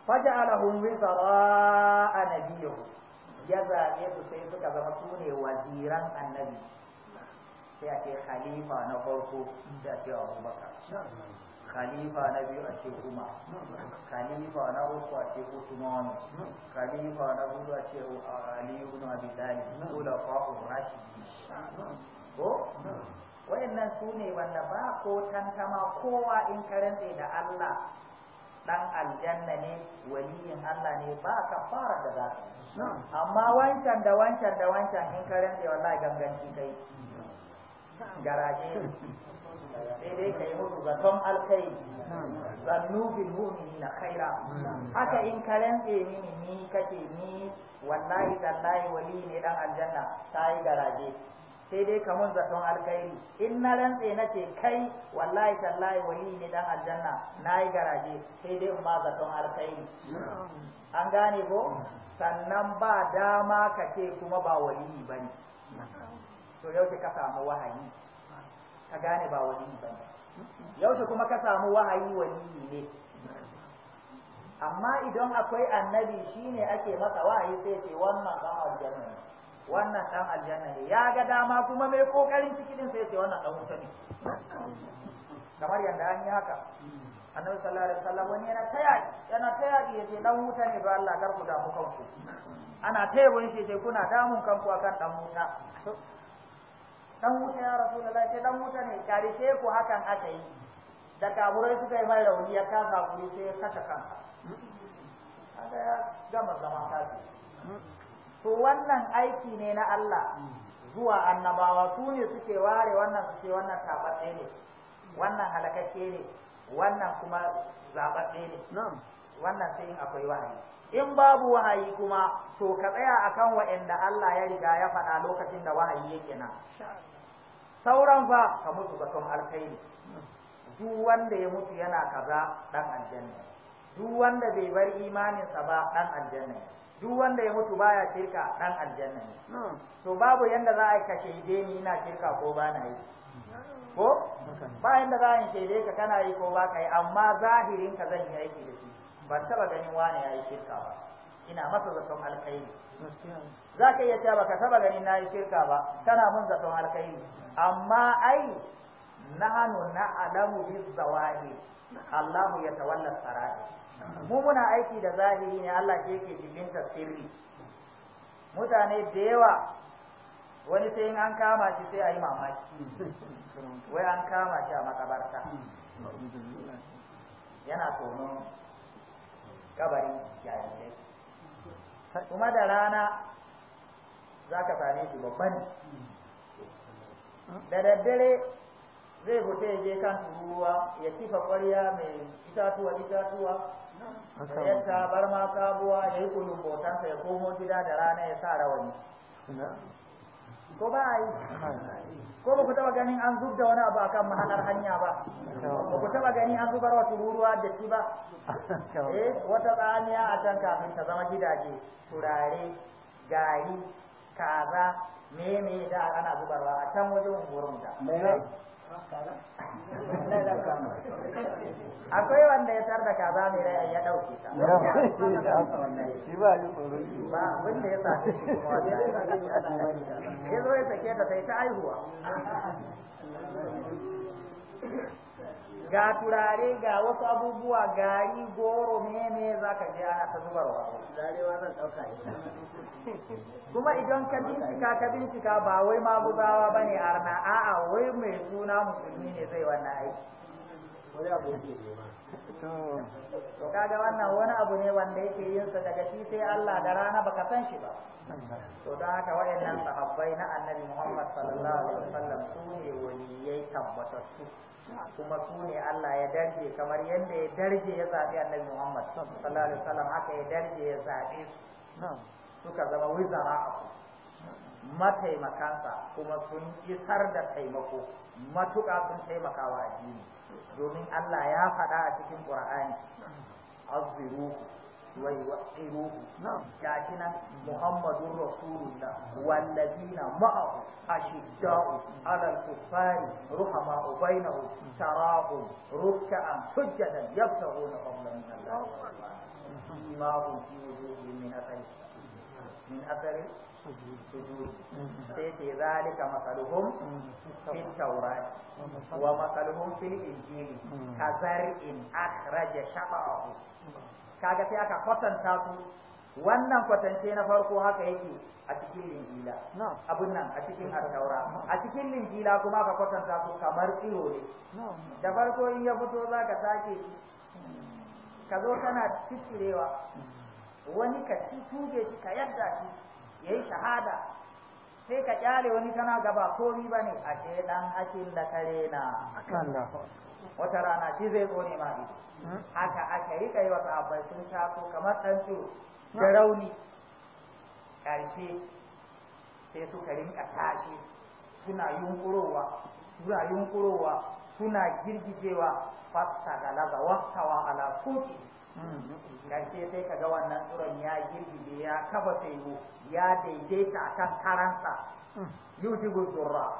[SPEAKER 1] faja'alahum wizara'a nabiyahu ya zaɓe su sai suka zama su ne waziran annabi sai ake khalifa na farko da ce Abubakar khalifa na biyu a ce kuma khalifa na uku a ce usman khalifa na hudu a ce ali ibn abi talib khulafa rashidin ko wayannan su ne wanda ba ko tantama kowa in karanta da Allah dan aljanna ne waliyin Allah ne ba ka fara da za amma wancan da wancan da wancan in karanta wallahi ganganci kai garaje
[SPEAKER 2] Daidai ka yi mutu zaton
[SPEAKER 1] alkhairi zannu bil na khaira haka in ka rantse mini ni kake ni wallahi tallahi wali ne dan aljanna sai garaje sai dai kamun zaton alkhairi in na rantse na ce kai wallahi tallahi wali ne dan aljanna nayi garaje sai dai ma zaton alkhairi an gane ko sannan ba dama ka ce kuma ba wali bane to yau ka samu wahayi ka gane ba wani ba yaushe kuma ka samu wahayi wani ne amma idan akwai annabi shine ake masa wahayi sai ce wannan dan aljanna ne wannan dan aljanna ne ya ga dama kuma mai kokarin cikin sai ce wannan dan wuta ne kamar yadda an yi haka annabi sallallahu alaihi wasallam wani yana taya yana taya ya ce dan wuta ne ba Allah kar ku damu kanku ana taya wani shi ce kuna damun kanku akan dan wuta dan wuta ya rasulullahi sai dan wuta ne kari ku hakan aka yi da kaburai suka yi mai rauni ya kasa kuri sai ya kasa kansa Haka ya gama zama kafi to wannan aiki ne na Allah zuwa annabawa su ne suke ware wannan suke wannan tabatse ne wannan halakace ne wannan kuma zabatse ne wannan sai in akwai wahayi in babu wahayi kuma to ka tsaya akan wa'anda Allah ya riga ya faɗa lokacin da wahayi yake nan sauran fa ka mutu zaton alkhairi duk wanda ya mutu yana kaza dan aljanna duk wanda bai bar imaninsa ba dan aljanna duk wanda ya mutu baya shirka dan aljanna to babu yanda za a ka shaide ni ina shirka ko ba na yi ko ba yanda za a shaide ka kana yi ko ba ka yi amma zahirin ka zan yi aiki da shi ba taba ganin wani yayi shirka ba ina masa zaton alkhairi za ka iya cewa baka taba ganin yi shirka ba kana mun zaton alkhairi amma ai nahanu na'lamu biz zawahi ya yatawalla sarari mu muna aiki da zahiri ne Allah ke yake cikin sirri mutane da yawa wani sai in an kama shi sai a yi mamaki [LAUGHS] wai an kama shi a makabarta yana tonon kabari yayin kuma da rana za ka same shi babban da daddare zai fita ya je kan ruwa ya kifa ƙwarya mai itatuwa itatuwa da yadda bar ma kabuwa ya yi kulun botansa ya komo gida da rana ya sa rawani ko ba ko ba ku taba ganin an zub da wani abu akan mahalar hanya ba ba ku taba gani an zubar wa tururuwa da shi ba [LAUGHS] eh wata tsaniya a can kafin ta zama gidaje turare gari kaza me me da ana zubarwa a can wajen unguwar da akwai wanda ya tar da kaza mai rai ya dauke ta shi ba yi tsoron ba abin da ya sa shi kuma wanda ya zo ya sake ta sai ta aihuwa
[SPEAKER 2] ga turare
[SPEAKER 1] ga wasu abubuwa gari goro mene za ka je ana ta kuma idan ka bincika ka bincika ba wai ma ba ne arna a'a wai mai suna musulmi ne zai wannan aiki kaga wannan wani abu ne wanda yake yin sa daga shi sai Allah da rana baka san shi ba to da haka waɗannan sahabbai na annabi Muhammad sallallahu alaihi wasallam su ne waliyai tabbatattu kuma su ne Allah ya darje kamar yadda ya darje ya zaɓi annabi Muhammad sallallahu alaihi wasallam haka ya darje ya zaɓe su suka zama wizara a mataimakansa kuma sun isar da taimako matuƙa sun taimakawa wa addini domin Allah ya faɗa a cikin Qur'ani azziruhu wai yuqiruhu shi nan Muhammadur Rasulullah wallazina ma'ahu ashidda'u 'alal kuffari ruhama'u bainahum tarahum ruk'an sujjadan yabtaghuna fadlan min Allah ma fi wujuhihim min athari min athari sai ce zalika masaluhum fil taurari. wa masaluhum in injili kazar'in akhraja shaba'ahu kaga sai aka kwatanta su wannan kwatance na farko haka yake a cikin linjila abun nan a cikin attaura a cikin linjila kuma aka kwatanta su kamar tsiro ne da farko in ya fito za ka sake ka zo kana ciccirewa wani ka ci tuge shi ka yadda shi ya yi shahada sai ka kyale wani tana gaba komi ba ne a ce dan hakin da kare na wata rana shi zai ne ma ido haka aka yi kai wasu abai sun ko kamar ɗan tsiro da rauni ƙarshe sai suka rinka tashi suna yunkurowa suna yunkurowa suna girgijewa fasta galaga wa ala kuti karshe sai ka ga wannan tsoron ya girgije ya kafa saiwo ya daidaita akan karansa yuti gudurra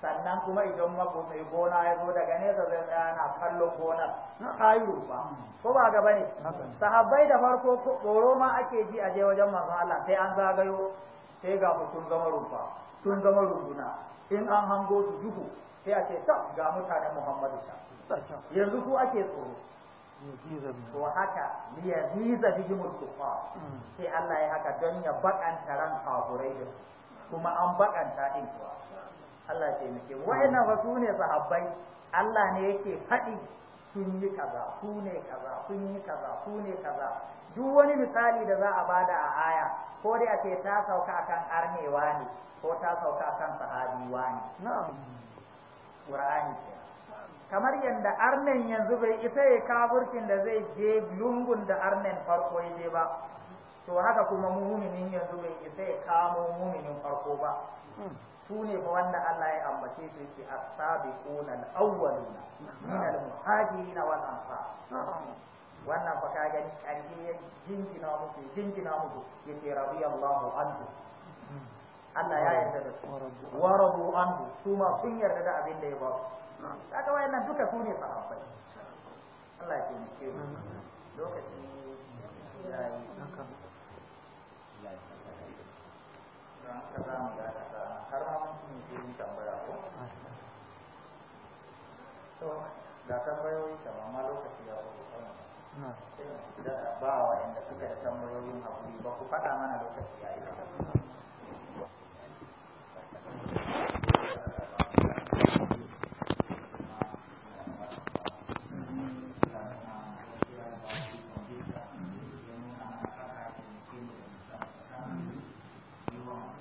[SPEAKER 1] sannan kuma idan makotsai gona ya zo daga nesa zai tsaya na kallon gonar kayu ba ko ba gaba ne sahabbai da farko tsoro ma ake ji a je wajen manzon Allah sai an zagayo sai ga sun zama rumfa sun zama runguna in an hango su duhu sai a ce ta ga mutanen Muhammadu ta yanzu ku ake tsoro to haka liyaziza bihim al-kuffar hmm. sai Allah ya haka don ya bakanta ran kafurai da kuma an bakanta din kuwa Allah ya taimake mu wayannan fa su ne sahabbai Allah ne yake faɗi sun yi kaza su ne kaza sun yi kaza su ne kaza duk wani misali da za a bada a aya ko dai a ce ta sauka akan arnewa ne ko ta sauka akan sahabiwa ne na'am qur'ani kenan kamar yadda arnen yanzu bai isa ya kaburkin da zai je lungun da arnen farko ya je ba to haka kuma muminin yanzu bai isa ya kamo muminin farko ba hmm. su ne fa wanda Allah ya ambace su yake as-sabiquna al-awwaluna min al-muhajirin wal ansar wannan fa ka gani karfi ya jinjina muku jinjina muku yace radiyallahu anhu
[SPEAKER 2] Allah ya yarda da su wa rabu
[SPEAKER 1] anhu su ma sun yarda da abin da ya ba su kaga wayannan duka su ne sahabbai
[SPEAKER 2] Allah ya taimake mu lokaci yayi
[SPEAKER 1] har ma mun ce mu tambaya ko to da tambayoyi kamar ma lokaci ya zo da ba wa inda suka yi tambayoyin hakuri ba ku faɗa mana lokaci ya yi ba